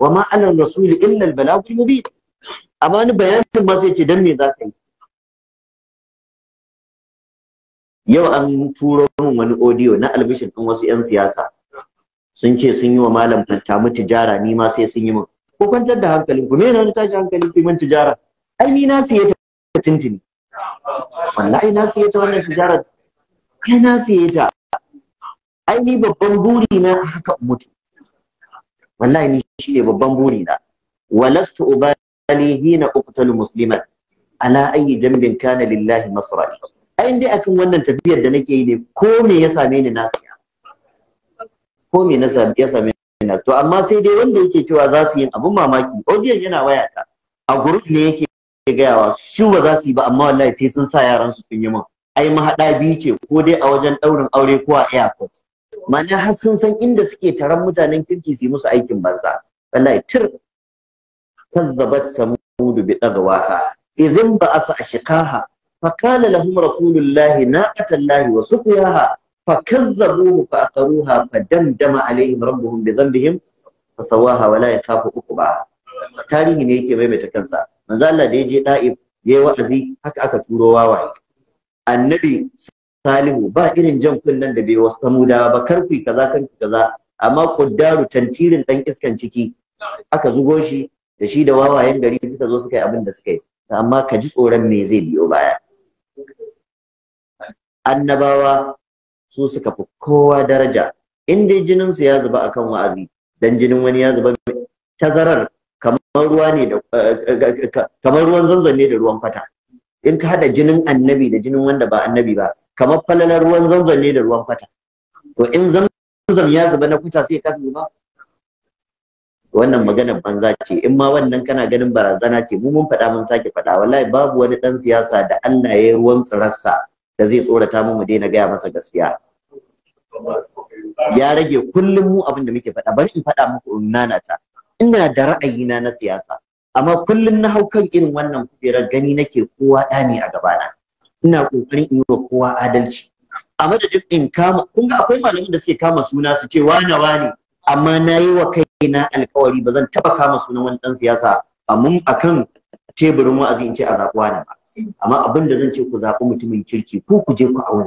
wa ma ala rasul illa al al mubin amma ni bayanin ma sai ce dan me za ka yi yau an turo min wani audio na albishin din wasu yan siyasa sun ce sun yi wa malam mu tijara ni ma sai sun yi min ko kwantar da hankalin ku me na tashi hankalin ku min tijara ai ni na siye ta tintini wallahi na siye ta wannan tijara Ai na siye ta ai ni babban buri na haka mutu wallahi ni shine babban buri na walastu ubali hina uqtalu musliman ala ayi jambin kana lillahi masra ai dai akan wannan tafiyar da nake yi ne ko me ya same ni na siya ko me na ya same ni na to amma sai dai wanda yake cewa za su yi abun mamaki audio yana waya ta a group ne yake gayawa shi ba za su yi ba amma wallahi sai sun sa yaran su sun yi min ai mahaɗa biyu ce ko dai a wajen ɗaurin aure ko a airport ma'ana har sun san inda suke taron mutanen kirki su yi musu aikin banza wallahi tir kazzabat samudu bi dagawaha idhin ba'asa ashqaha فقال لهم رسول الله ناقة الله وسقياها فكذبوه فأقروها فدمدم عليهم ربهم بذنبهم فسواها ولا يخاف عقباها tarihi ne yake maimaita kansa manzo Allah da yaje da'ib yayi wa'azi haka aka turo wawaye annabi Salihu ba irin jan kunnen da bai wasu da ba kar ku kaza kan kaza amma kuddaru tantirin dan iskan ciki aka zugo shi da shi da wawayen gari suka zo suka yi abin da suka yi amma ka ji tsoron me zai biyo baya annabawa su suka fi kowa daraja in dai jinin su ya zuba akan wa'azi dan jinin wani ya zuba tazarar kamar ruwa ne da eh, eh, eh, kamar ruwan zanzan ne da ruwan fata in ka hada jinin annabi da jinin wanda ba annabi ba kamar falalar ruwan zamzam ne da ruwan kwata to in zamzam ya zuba na kwata sai ya ka zuba wannan maganar banza ce in ma wannan kana ganin barazana ce mu mun faɗa mun sake faɗa wallahi babu wani ɗan siyasa da Allah ya yi ruwan tsirarsa da zai tsorata mu mu daina gaya masa gaskiya ya rage kullum mu abin da muke faɗa bari in faɗa muku nana ta ina da ra'ayina na siyasa amma kullum na hau kan irin wannan kujerar gani nake kowa ɗa a gabana ina kokarin in yi wa kowa adalci a madadin in kama kun ga akwai malamin da suke kama suna su ce wane wane amma na yi wa kaina alkawari ba zan taba kama sunan wani dan siyasa mun akan teburin wa'azi in ce a zaɓi wane ba amma abin da zan ce ku zaɓi mutumin kirki ko ku je ku auna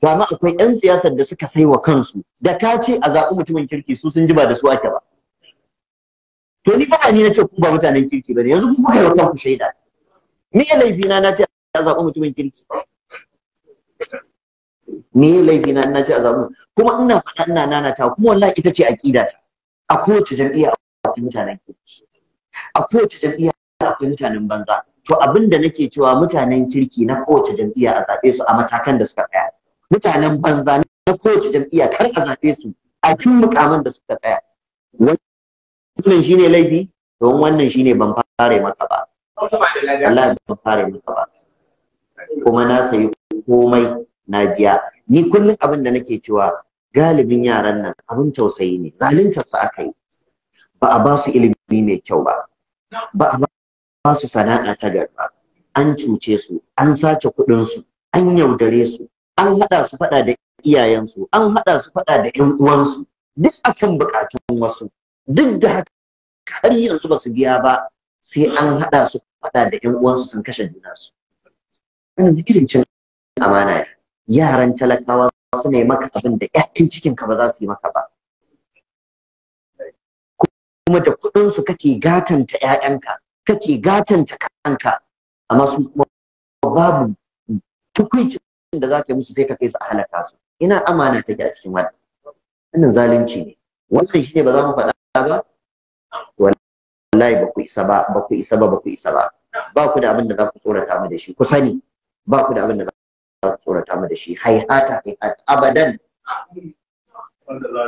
to amma akwai yan siyasar da suka saiwa kansu da ka ce a zaɓi mutumin kirki su sun ji ba da su ake ba to ni ba ni na ce ku ba mutanen kirki ba ne yanzu ku kuka yi wa kanku shaida ni laifi na na ce a zaɓi mutumin kirki Ni laifi na ina ce a zaɓi kuma ina faɗa ina nanata kuma wallahi ita ce aƙida ta a kowace jam'iyya akwai mutanen kirki a kowace jam'iyya akwai mutanen banza to abin da nake cewa mutanen kirki na kowace jam'iyya a zaɓe su a matakan da suka tsaya mutanen banza na kowace jam'iyya kar a zaɓe su a kin mukaman da suka tsaya wannan shine laifi don wannan shine ban fare maka ba wallahi ban fare maka ba kuma na sayi komai na biya ni kullum abin da nake cewa galibin yaran nan abin tausayi ne zalunta su aka yi ba a ba su ilimi mai kyau ba ba a ba su sana'a ta garba an cuce su an sace kuɗin su an yaudare su an haɗa su faɗa da iyayensu an haɗa su faɗa da ƴan uwansu duk akan buƙatun wasu duk da haka har yanzu ba su biya ba sai an haɗa su faɗa da ƴan uwansu sun kashe juna irin gidan cin amana ne yaran talakawa su ne maka abin da ƴaƴan cikin ka ba za su yi maka ba kuma da kuɗin su kake gatanta ƴaƴanka kake gatanta kanka amma su babu tukuicin da za ka yi musu sai ka kai su a halaka su ina amana ke a cikin wannan wannan zalunci ne wannan shi ne ba za mu faɗa ba wallahi ba ku isa ba ba ku isa ba ba ku isa ba ba ku da abin da za ku tsorata mu da shi ku sani ba ku da abin da za ku tsorata mu da shi haihata haihata abadan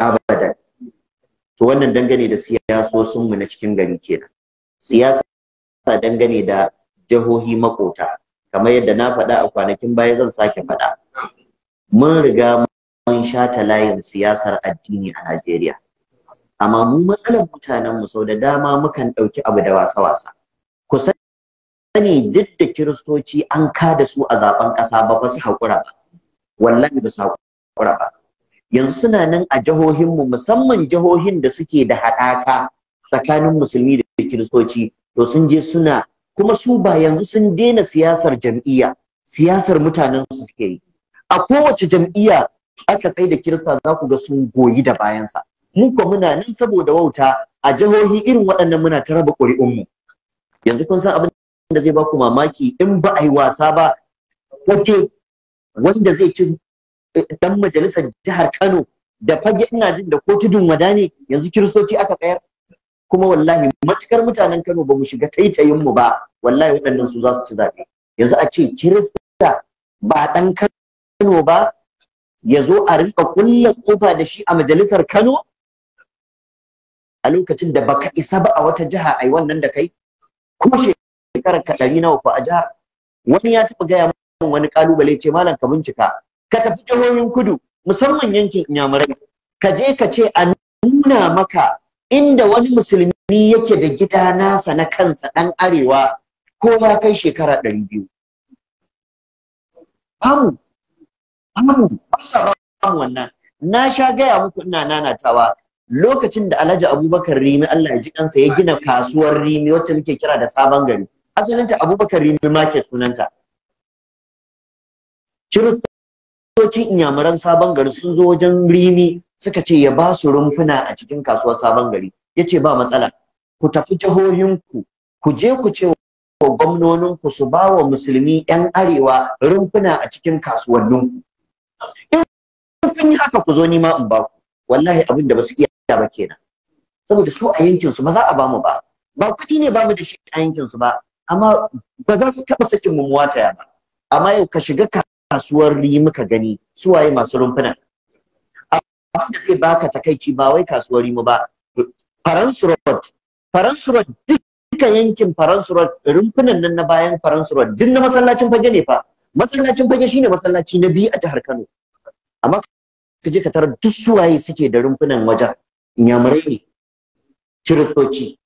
abadan to wannan dangane da siyasosin mu na cikin gari kenan siyasa dangane da jihohi makota kamar yadda na faɗa a kwanakin baya zan sake faɗa mun riga mun shata layin siyasar addini a Najeriya amma mu matsalar mutanen mu sau da dama mukan ɗauki abu da wasa-wasa sani duk da kiristoci an ka da su a zaben ƙasa ba ba su haƙura ba wallahi ba su haƙura ba yanzu suna nan a jihohinmu musamman jihohin da suke da haɗaka tsakanin musulmi da kiristoci to sun je suna kuma su ba yanzu sun dena siyasar jam'iyya siyasar mutanen su suke yi a kowace jam'iyya aka tsaye da kirista za ku ga sun goyi da bayansa mu ko muna nan saboda wauta a jihohi irin waɗannan muna ta raba ƙuri'unmu yanzu kun san abin wanda zai baku mamaki in ba a yi wasa ba fage wanda zai ci dan eh, majalisar jihar Kano da fage ina jin da ko tudun wada yanzu kiristoci aka tsayar kuma wallahi matukar mutanen Kano ba mu shiga taitayin mu ba wallahi waɗannan su za su ci zaɓe yanzu a ce kirista ba dan Kano ba ya zo a rinka kulle kofa da shi a majalisar Kano a lokacin da baka isa ba a wata jiha ai wannan da kai kuma shekarar ka ɗari nawa ko a jihar wani ya taɓa gaya min wani kalubale ce malam ka bincika ka tafi jihohin kudu musamman yankin inyamurai ka je ka ce a nuna maka inda wani musulmi yake da gida nasa na kansa ɗan arewa ko ya kai shekara ɗari biyu. Amu, amu, ba wannan. Na sha gaya muku ina nanatawa lokacin da Alhaji Abubakar Rimi Allah ya ji kansa ya gina kasuwar Rimi wacce muke kira da Sabon Gari. asalinta abubakar rimi market sunanta kiristocin inyamuran sabon gari sun zo wajen rimi suka ce ya ba su rumfuna a cikin kasuwar sabon gari ya ce ba matsala ku tafi jihohinku ku je ku ce wa gwamnoninku su ba wa musulmi 'yan arewa rumfuna a cikin kasuwanninku in kun yi haka ku zo nima in ba ku wallahi abin da ba su iya ba kenan saboda su a yankinsu ba za a ba mu ba ba kuɗi ne ba mu da shi a yankinsu ba amma ba za su taɓa sakin mummuwa ta ba amma yau ka shiga kasuwar rimi ka gani suwaye masu rumfuna abin da zai baka takaici ba wai kasuwar mu ba faransurot faransurot duka yankin faransurot rumfunan nan na bayan faransurot duk na masallacin fage ne fa masallacin fage shine masallaci na biyu a jihar Kano amma ka je ka tarar duk suwaye suke da rumfunan wajen inyamurai ne kiristoci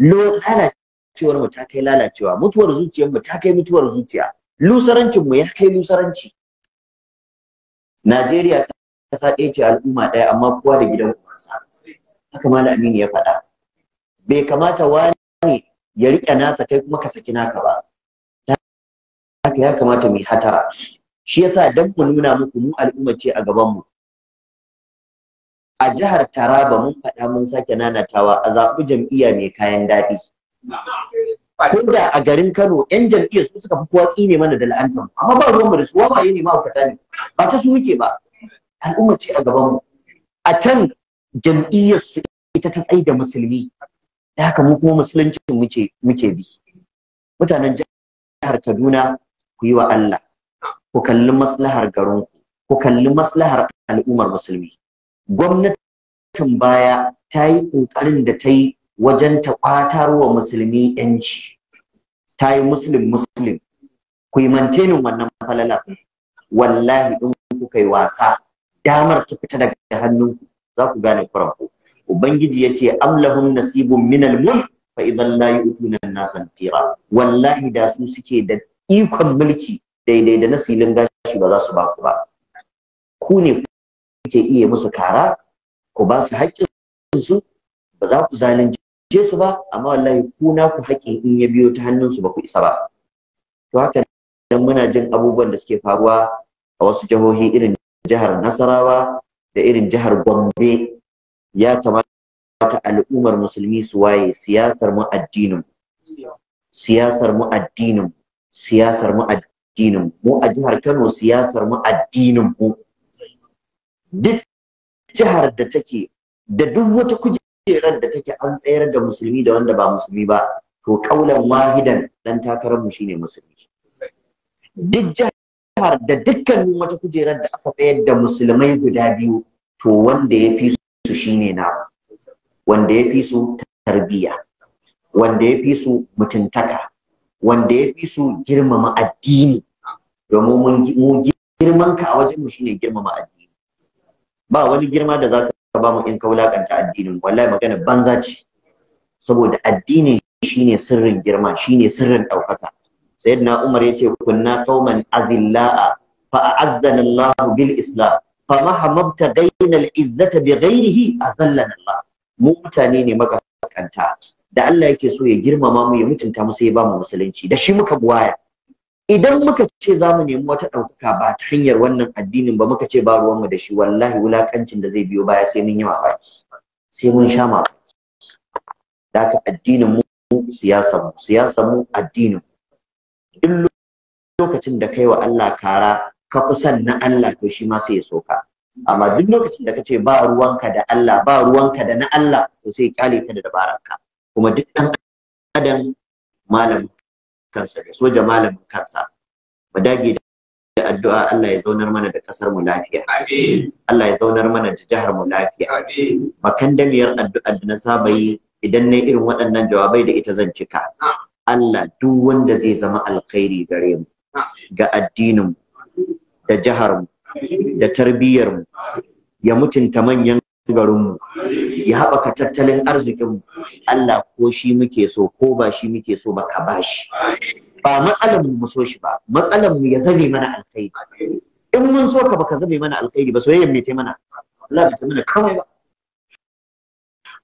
lalacewar mu ta kai lalacewa mutuwar zuciyar mu ta kai mutuwar zuciya lusarancin mu ya kai lusaranci Najeriya kasa ɗaya ce al'umma ɗaya amma kowa da gidan uwansa haka malam Aminu ya faɗa bai kamata wani ya riƙe nasa kai kuma ka saki naka ba haka ya kamata mu hatara shi yasa dan mu nuna muku mu al'umma ce a gaban mu a jihar Taraba mun faɗa mun sake nanatawa a zaɓi jam'iyya mai kayan daɗi. Ko a garin Kano 'yan jam'iyyar su suka fi kowa tsine mana da la'antar amma ba ruwanmu da su wawaye ne mahaukata ne ba ta su muke ba al'umma ce a gabanmu. A can jam'iyyar su ita ta tsaye da musulmi da haka mu kuma musulunci muke muke bi. Mutanen jihar Kaduna ku yi wa Allah ku kalli maslahar garinku ku kalli maslahar al'ummar musulmi gwamnatin baya ta yi ƙoƙarin da ta yi wajen ta ƙwatar wa musulmi yanci ta yi muslim muslim ku yi mantenin wannan falala wallahi in kuka yi wasa damar ta fita daga hannunku za ku gane kuranku ubangiji ya ce amlahum nasibun minal mulk fa idan la yu'tuna an-nasa tira wallahi da su suke da ikon mulki daidai da nasilin gashi ba za su ba ku ba ku ne kuke iya musu kara ku ba su haƙƙinsu ba za ku zalunce su ba amma wallahi ku na ku haƙƙin in ya biyo ta hannunsu ba ku isa ba to haka dan muna jin abubuwan da suke faruwa a wasu jihohi irin jihar Nasarawa da irin jihar Gombe ya kamata al'ummar musulmi su waye siyasar mu addinin siyasar mu addinin siyasar mu addinin mu a jihar Kano siyasar mu addinin mu duk jihar da take da duk wata kujerar da take an tsayar da musulmi da wanda ba musulmi ba to kaulan wahidan dan takarar mu shine musulmi duk jihar da dukkanin wata kujerar da aka tsayar da musulmai guda biyu to wanda ya fi su shine na wanda ya fi su tarbiya wanda ya fi su mutuntaka wanda ya fi su girmama addini domin mun girman ka a wajen mu shine girmama addini ba wani girma da za ka ba mu in ka wulakanta addinin wallahi magana banza ce saboda addinin shine sirrin girma shine sirrin ɗaukaka sayyidina umar yace kunna qauman azilla'a fa a'azzana Allah bil islam fa mahammabta gainal izzata bi ghairihi azallana Allah mu mutane ne makaskanta da Allah yake so ya girmama mu ya mutunta mu sai ya ba mu musulunci da shi muka buwaya idan muka ce za mu nemi wata ɗaukaka ba ta hanyar wannan addinin ba muka ce ba ruwanmu da shi wallahi wulakancin da zai biyo baya sai mun yi mamaki sai mun sha mamaki daga addinin mu siyasar mu siyasar mu addinin duk lokacin da kai wa Allah kara ka fi san na Allah to shi ma sai ya soka amma duk lokacin da kace ba ruwanka da Allah ba ruwanka da na Allah to sai kyale ka da dabaranka kuma duk dan adam malam kansa da soja malamin kansa mu dage da addu'a Allah ya zaunar mana da kasar mu lafiya Allah ya zaunar mana da jihar mu lafiya makandamiyar addu'a da na saba yi idan na irin waɗannan jawabai da ita zan cika Allah duk wanda zai zama alkhairi gare mu ga addinin mu da jihar mu da tarbiyyar mu ya mutunta manyan garinmu ya haɓaka tattalin arzikinmu Allah ko shi muke so ko ba shi muke so ba ka bashi ba matsalar mu so shi ba matsalan mu ya zame mana alkhairi in mun so ka baka zame mana alkhairi ba soyayyar me ta mana Allah bai mana kawai ba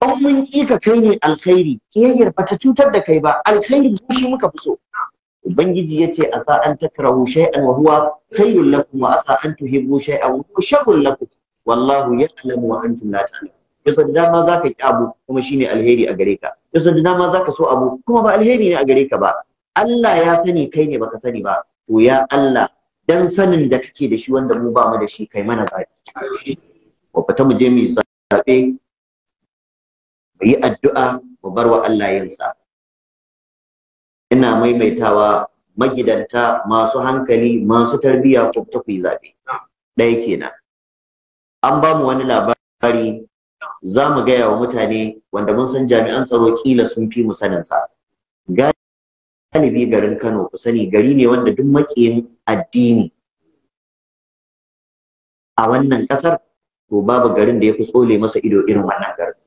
in mun ki ka kai ne alkhairi kiyayyar ba ta cutar da kai ba alkhairi mu shi muka fi so ubangiji yace asa an takrahu shay'an wa huwa khairul lakum wa asa an tuhibbu shay'an wa huwa sharrul lakum wallahu ya alamu wa antum la ta'lamun yasa da dama zaka ki abu kuma shine alheri a gare ka yasa da dama zaka so abu kuma ba alheri ne a gare ka ba Allah ya sani kai ne baka sani ba to ya Allah dan sanin da kake da shi wanda mu ba mu da shi kai mana zabi wa fata mu je mu zabe mu yi addu'a mu bar wa Allah yinsa. ina maimaitawa magidanta masu hankali masu tarbiyya ko ta ku yi zabe ɗaya kenan an ba mu wani labari za mu gaya wa mutane wanda mun san jami'an tsaro kila sun fi mu sanin galibi garin Kano ku sani gari ne wanda duk makiyin addini a wannan kasar to babu garin da ya fi tsole masa ido irin wannan garin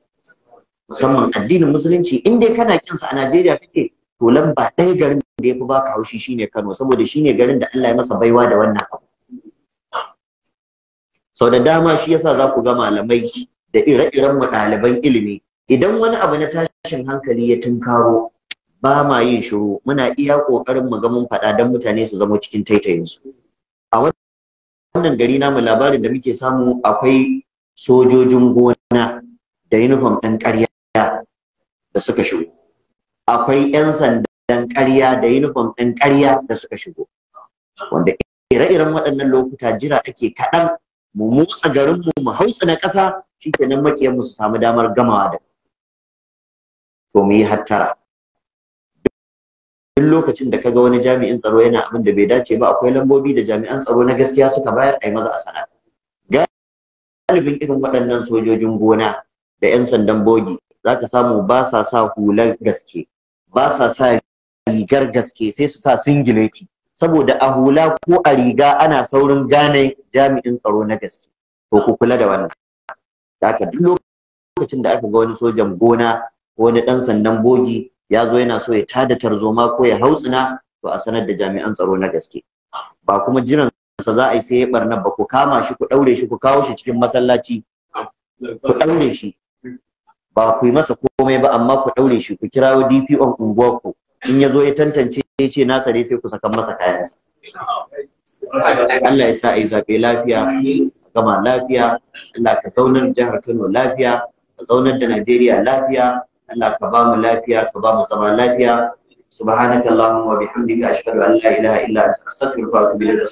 musamman addinin musulunci in dai kana kinsa a Najeriya kake to lamba ɗaya garin da ya fi baka haushi shine Kano saboda shine garin da Allah ya masa baiwa da wannan abu sau da dama shi yasa za ku ga malamai da ire-iren mu ɗaliban ilimi idan wani abu na tashin hankali ya tunkaro ba ma yin shiru muna iya ƙoƙarin mu ga mun faɗa don mutane su zama cikin taitayinsu a wannan gari namu labarin da muke samu akwai sojojin gona da yunifom ɗan ƙarya da suka shigo akwai 'yan sandan ƙarya da yunifom ɗin ƙarya da suka shigo wanda ire-iren waɗannan lokuta jira ake kaɗan mu motsa garin mu mu hausa na ƙasa shi shikenan makiyan mu su samu damar gamawa da to mu yi hattara duk lokacin da kaga wani jami'in tsaro yana abin da bai dace ba akwai lambobi da jami'an tsaro na gaskiya suka bayar a yi maza a sana galibin irin waɗannan sojojin gona da 'yan sandan bogi za ka samu ba sa sa hular gaske ba sa sa rigar gaske sai su sa singileti saboda a hula ko a riga ana saurin gane jami'in tsaro na gaske ko ku kula da wannan haka duk lokacin da aka ga wani sojan gona ko wani dan sandan bogi ya zo yana so ya tada tarzoma ko ya hautsina to a sanar da jami'an tsaro na gaske ba kuma jiran sa za a yi sai ya barna ba ku kama shi ku daure shi ku kawo shi cikin masallaci ku daure shi ba ku yi masa komai ba amma ku daure shi ku kirawo DPO ku in ya zo ya tantance ya ce nasa ne sai ku saka masa kayansa Allah ya sa a yi zaɓe lafiya gama lafiya Allah ka zaunar jihar Kano lafiya ka zaunar da Najeriya lafiya Allah ka ba mu lafiya ka ba mu zama lafiya subhanakallahumma wa bihamdika ashhadu an la ilaha illa anta astaghfiruka wa atubu ilayk